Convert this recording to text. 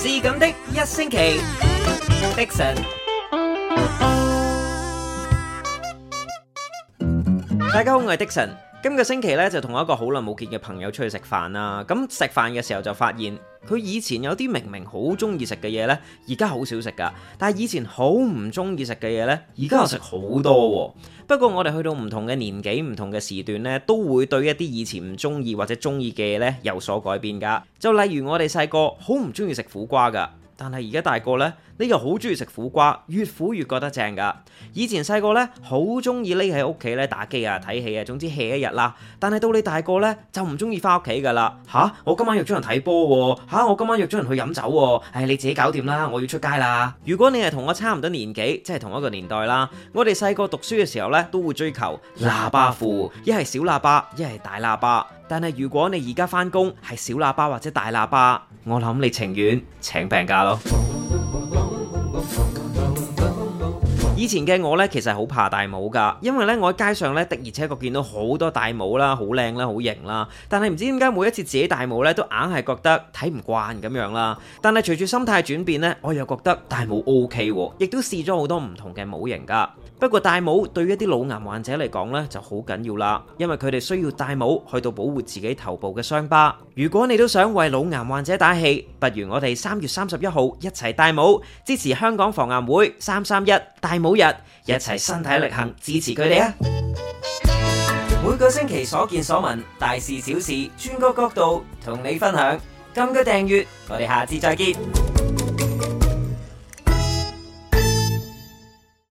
是咁的一星期，Dixon。大家好，我係 Dixon。今個星期咧就同我一個好耐冇見嘅朋友出去食飯啦。咁食飯嘅時候就發現。佢以前有啲明明好中意食嘅嘢呢，而家好少食噶；但係以前好唔中意食嘅嘢呢，而家又食好多喎。不過我哋去到唔同嘅年紀、唔同嘅時段呢，都會對一啲以前唔中意或者中意嘅嘢呢有所改變噶。就例如我哋細個好唔中意食苦瓜噶。但係而家大個呢，你就好中意食苦瓜，越苦越覺得正噶。以前細個呢，好中意匿喺屋企咧打機啊、睇戲啊，總之歇一日啦。但係到你大個呢，就唔中意翻屋企噶啦。吓？我今晚約咗人睇波喎，吓？我今晚約咗人去飲酒喎。唉，你自己搞掂啦，我要出街啦。如果你係同我差唔多年紀，即係同一個年代啦，我哋細個讀書嘅時候呢，都會追求喇叭褲，一係小喇叭，一係大喇叭。但係如果你而家返工係小喇叭或者大喇叭，我諗你情願請病假咯。以前嘅我呢，其實好怕戴帽噶，因為呢，我喺街上呢，的而且確見到好多戴帽啦，好靚啦，好型啦。但係唔知點解每一次自己戴帽呢，都硬係覺得睇唔慣咁樣啦。但係隨住心態轉變呢，我又覺得戴帽 OK，亦都試咗好多唔同嘅帽型噶。不過戴帽對於一啲腦癌患者嚟講呢，就好緊要啦，因為佢哋需要戴帽去到保護自己頭部嘅傷疤。如果你都想為腦癌患者打氣，不如我哋三月三十一號一齊戴帽，支持香港防癌會三三一戴帽。每日一齊身體力行支持佢哋啊！每個星期所見所聞，大事小事，轉個角度同你分享。今個訂閱，我哋下次再見。